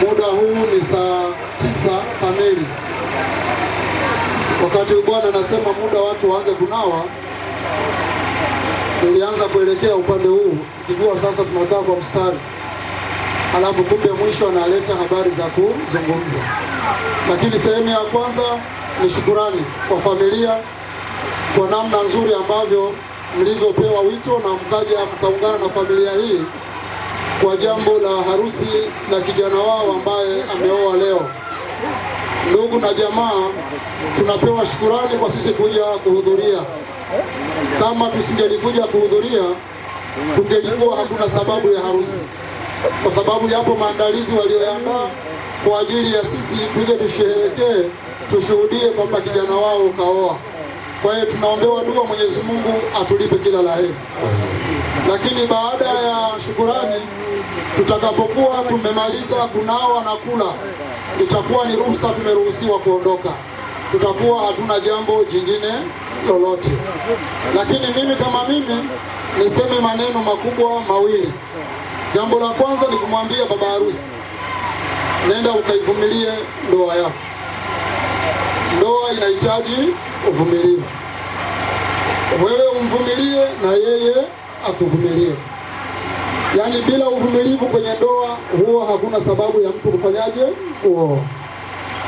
Muda huu ni saa tisa kamili. Wakati bwana anasema muda watu waanze kunawa, tulianza kuelekea upande huu kijua sasa tunakaa kwa mstari, alafu kumbe mwisho analeta habari za kuzungumza. Lakini sehemu ya kwanza ni shukurani kwa familia kwa namna nzuri ambavyo mlivyopewa wito na mkaja mkaungana na familia hii kwa jambo la harusi la kijana wao ambaye ameoa leo. Ndugu na jamaa, tunapewa shukurani kwa sisi kuja kuhudhuria. Kama tusingelikuja kuhudhuria, tungelikuwa hakuna sababu ya harusi, kwa sababu yapo maandalizi walioandaa kwa ajili ya sisi tuje tusherehekee, tushuhudie kwamba kijana wao ukaoa. Kwa hiyo tunaombewa dua Mwenyezi Mungu atulipe kila la heri. Lakini baada ya shukurani tutakapokuwa tumemaliza kunawa na kula, itakuwa ni ruhusa, tumeruhusiwa kuondoka, tutakuwa hatuna jambo jingine lolote. Lakini mimi kama mimi niseme maneno makubwa mawili. Jambo la kwanza ni kumwambia baba harusi, nenda ukaivumilie ndoa yako. Ndoa inahitaji uvumilivu, wewe umvumilie na yeye akuvumilie. Yaani bila uvumilivu kwenye ndoa, huwa hakuna sababu ya mtu kufanyaje kuoa.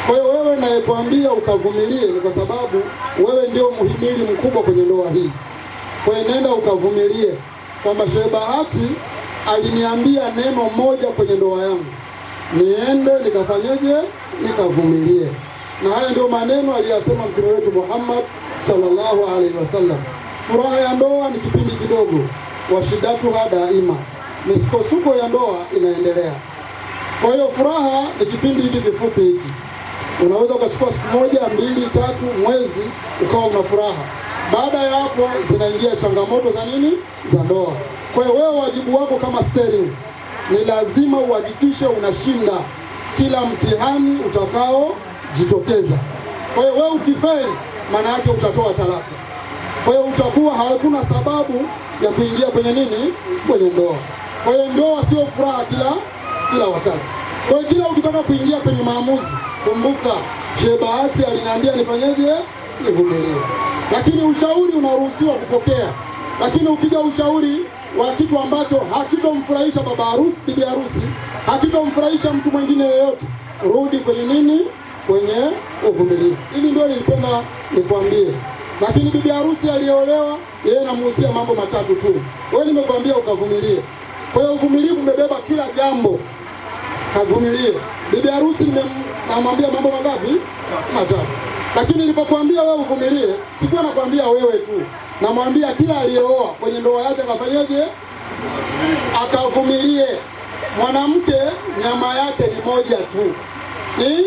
Kwa hiyo wewe nayekwambia ukavumilie, ni kwa sababu wewe ndio mhimili mkubwa kwenye ndoa hii. Kwa hiyo nenda ukavumilie, kwamba Shehe Bahati aliniambia neno moja kwenye ndoa yangu, niende nikafanyeje, nikavumilie. Na haya ndio maneno aliyasema mtume wetu Muhammad sallallahu alaihi wasallam, furaha ya ndoa ni kipindi kidogo, washidatuha daima misukosuko ya ndoa inaendelea. Kwa hiyo furaha ni kipindi hiki kifupi hiki, unaweza ukachukua siku moja, mbili, tatu, mwezi ukawa una furaha. Baada ya hapo zinaingia changamoto za nini, za ndoa. Kwa hiyo wewe wajibu wako kama steering ni lazima uhakikishe unashinda kila mtihani utakaojitokeza. Kwa hiyo wewe ukifeli, maana yake utatoa talaka. Kwa hiyo utakuwa hakuna sababu ya kuingia kwenye nini, kwenye ndoa. Kwa hiyo ndoa sio furaha kila kila wakati. Kwa hiyo kila ukitaka kuingia kwenye maamuzi, kumbuka Shehe Bahati aliniambia nifanyeje? Nivumilie. Lakini ushauri unaruhusiwa kupokea, lakini ukija ushauri wa kitu ambacho hakitomfurahisha baba harusi, bibi harusi, hakitomfurahisha mtu mwingine yeyote, rudi kwenye nini? Kwenye uvumilivu. Hili ndio nilipenda nikwambie. Lakini bibi harusi aliyeolewa yeye, namuhusia mambo matatu tu. Wewe nimekwambia ukavumilie. Kwa hiyo uvumilivu umebeba kila jambo, kavumilie. Bibi harusi nimemwambia mambo mangapi? Matatu. Lakini nilipokuambia wewe uvumilie, sikuwa nakwambia wewe tu, namwambia kila aliyeoa kwenye ndoa yake akafanyeje? Akavumilie. Mwanamke nyama yake ni moja tu, ni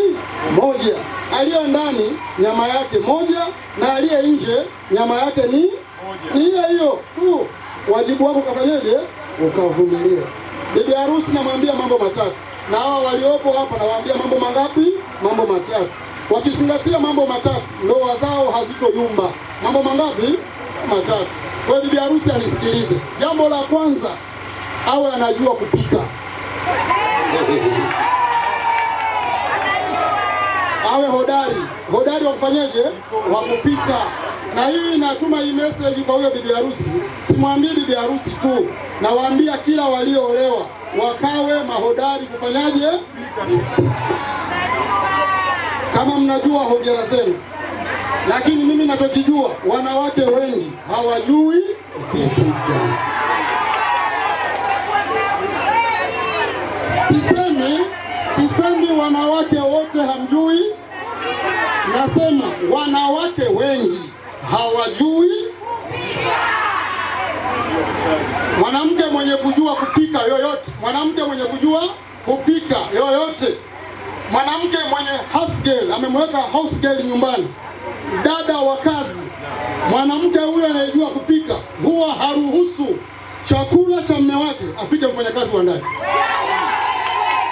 moja. Aliye ndani nyama yake moja, na aliye nje nyama yake ni ni hiyo hiyo tu. Wajibu wako kafanyeje? ukavumilia. Bibi harusi namwambia mambo matatu, na hawa waliopo hapa nawaambia mambo mangapi? Mambo matatu. Wakizingatia mambo matatu, ndoa zao hazitoyumba. Mambo mangapi? Matatu. Kwa bibi harusi anisikilize. Jambo la kwanza, awe anajua kupika awe hodari, hodari wa kufanyaje? Wa kupika na hii natuma hii message kwa huyo bibi harusi. Simwambii bibi harusi tu, nawaambia kila walioolewa wakawe mahodari kufanyaje. Kama mnajua hongera zenu, lakini mimi nachokijua wanawake wengi hawajui Sisemi, sisemi wanawake wote hamjui, nasema wanawake hawajui mwanamke mwenye kujua kupika yoyote, mwanamke mwenye kujua kupika yoyote, mwanamke mwenye house girl, amemweka house girl nyumbani, dada wa kazi, mwanamke huyo anayejua kupika huwa haruhusu chakula cha mume wake apike mfanyakazi wa ndani,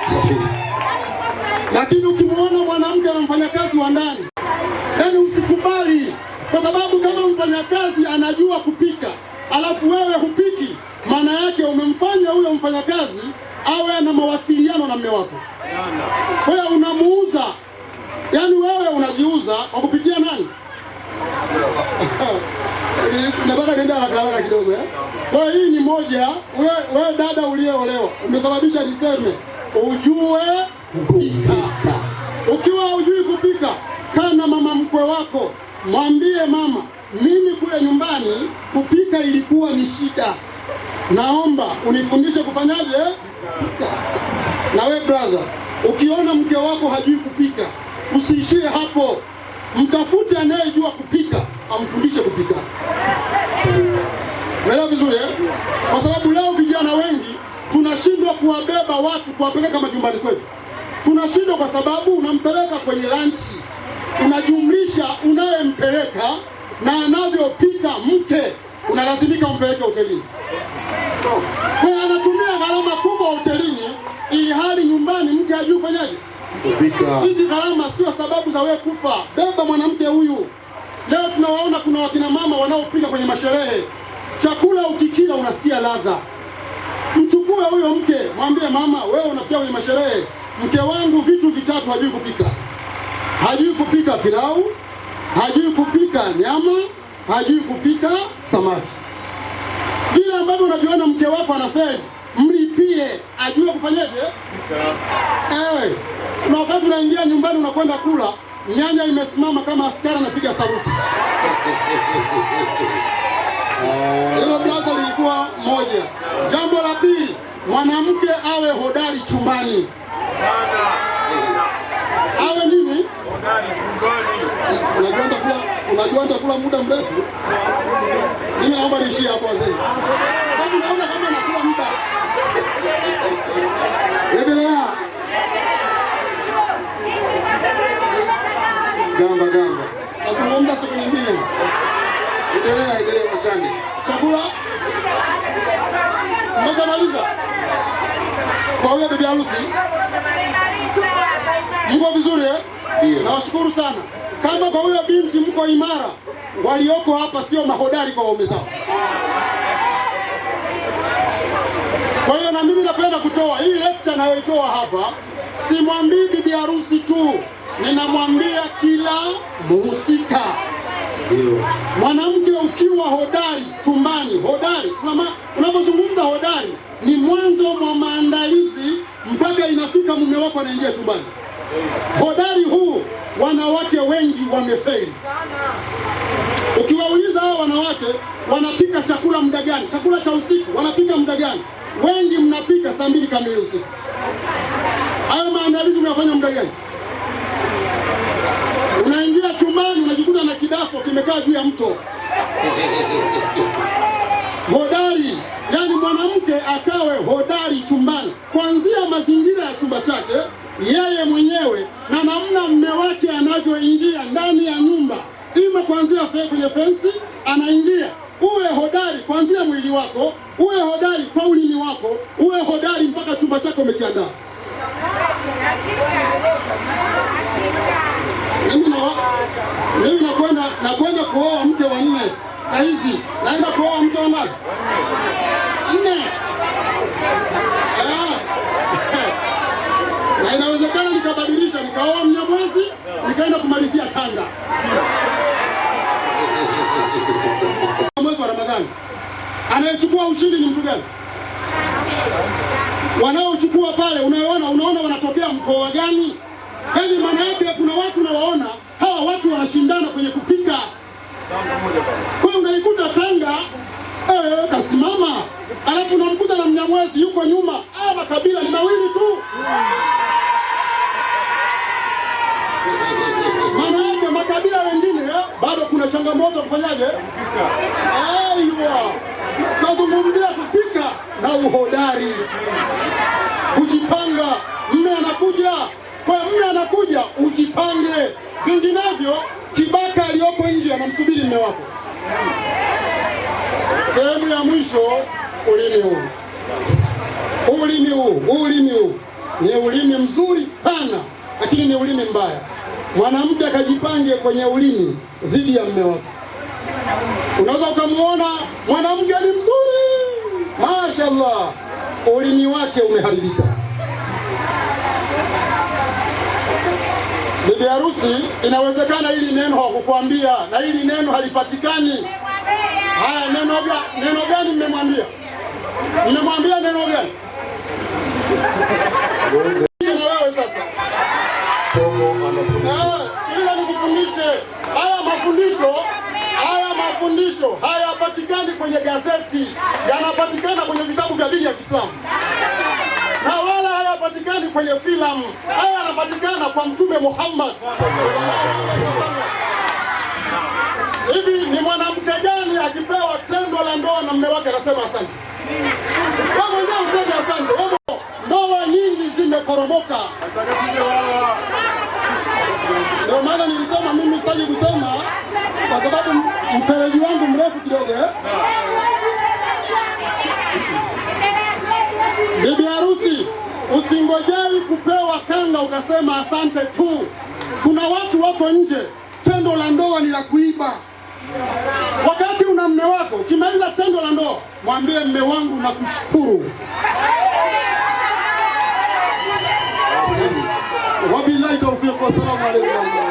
lakini wewe unamuuza, yaani wewe unajiuza kwa kupitia nani? Nataka niende haraka haraka kidogo eh. Kwa hii ni moja, wewe dada uliyeolewa umesababisha niseme ujue kupika. Ukiwa ujui kupika, kaa na mama mkwe wako, mwambie mama, mimi kule nyumbani kupika ilikuwa ni shida, naomba unifundishe kufanyaje kupika. Na we brother, ukiona mke wako hajui kupika, usiishie hapo, mtafute anayejua kupika amfundishe kupika. Umeelewa vizuri eh? Kwa sababu leo vijana wengi tunashindwa kuwabeba watu kuwapeleka majumbani kwetu, tunashindwa kwa sababu unampeleka kwenye lanchi, unajumlisha unayempeleka na anavyopika mke, unalazimika umpeleke hotelini, kwa anatumia gharama kubwa hotelini hali nyumbani, mke hajui ufanyaje. Hizi gharama sio sababu za wewe kufa. Beba mwanamke huyu. Leo tunawaona kuna wakina mama wanaopika kwenye masherehe, chakula ukikila unasikia ladha. Mchukue huyo mke, mwambie mama, wewe unapika kwenye masherehe, mke wangu vitu vitatu hajui kupika. Hajui kupika pilau, hajui kupika nyama, hajui kupika samaki. Vile ambavyo unaviona mke wako anafeli, mlipie ajue kufanyaje. Ewe wakati unaingia nyumbani unakwenda kula, nyanya imesimama kama askari anapiga saluti. Hilo brother lilikuwa moja. Jambo la pili, mwanamke awe hodari chumbani. Awe nini? Unajua kula muda mrefu. Mimi naomba niishie hapo wazee. Endelea, endelea mchani. Chakula? Mmeshamaliza? Kwa huyo bibi harusi? Mko vizuri eh? Ndio. Nawashukuru sana. Kama kwa huyo binti mko imara, walioko hapa sio mahodari kwa waume zao. Kwa hiyo na mimi napenda kutoa hii lecture nayoitoa hapa, simwambii bibi harusi tu, ninamwambia kila muhusika. Mwanamke ukiwa hodari chumbani, hodari, unapozungumza hodari ni mwanzo mwa maandalizi mpaka inafika mume wako anaingia chumbani. Hodari huu wanawake wengi wamefeli. Ukiwauliza hao wanawake wanapika chakula muda gani, chakula cha usiku wanapika muda gani? Wengi mnapika saa mbili kamili usiku. Hayo maandalizi mnafanya muda gani? hapo kimekaa juu ya mto hodari, yani mwanamke akawe hodari chumbani, kuanzia mazingira ya chumba chake yeye mwenyewe na namna mme wake anavyoingia ndani ya nyumba, ima kuanzia kwenye fensi anaingia. Uwe hodari kuanzia mwili wako, uwe hodari kwa ulimi wako, uwe hodari mpaka chumba chako umekiandaa mimi nakwenda nakwenda kuoa mke wa nne saizi, naenda kuoa mke wa ngapi? Nne. Ah. Na inawezekana nikabadilisha nikaoa Mnyamwezi nikaenda kumalizia Tanga mwezi wa Ramadhani. Anayechukua ushindi ni mtu gani? Wanaochukua pale, unaona unaona wanatokea mkoa gani? Yaani maana yake kuna watu nawaona hawa watu wanashindana kwenye kupika. Kwa unaikuta Tanga eh, kasimama alafu unamkuta na Mnyamwezi yuko nyuma. Haya ah, makabila ni mawili tu. Maana yake makabila wengine eh, bado kuna changamoto kufanyaje? Aiwa, eh, nazungumzia kupika na uhodari, kujipanga. Mme anakuja kwa mme anakuja ujipange, vinginevyo Kibaka aliyoko nje anamsubiri mme wako. Sehemu ya mwisho, ulimi huu, ulimi huu, ulimi huu ni ulimi mzuri sana, lakini ni ulimi mbaya. Mwanamke akajipange kwenye ulimi dhidi ya mme wako. Unaweza ukamwona mwanamke ni mzuri, mashallah ulimi wake umeharibika. Bibi harusi, inawezekana hili neno hakukwambia na hili neno halipatikani. Haya, neno gani? Neno gani mmemwambia? Mmemwambia neno gani? Na wewe sasa, eh, ila nikufundishe haya mafundisho, haya mafundisho hayapatikani kwenye gazeti ya kwenye filamu, haya yanapatikana kwa Mtume Muhammad. Hivi ni mwanamke gani akipewa tendo la ndoa na mume wake anasema asante? Wewe mwenyewe useme asante. Wewe ndoa nyingi zimekoromoka. ndio maana nilisema mimi sitaki kusema kwa sababu mfereji wangu mrefu kidogo eh? Hatungojei kupewa kanga ukasema asante tu. Kuna watu wako nje, tendo la ndoa ni la kuiba. Wakati una mme wako, ukimaliza tendo la ndoa mwambie mme wangu kushukuru. Wabillahi tawfiq, wassalamu alaykum.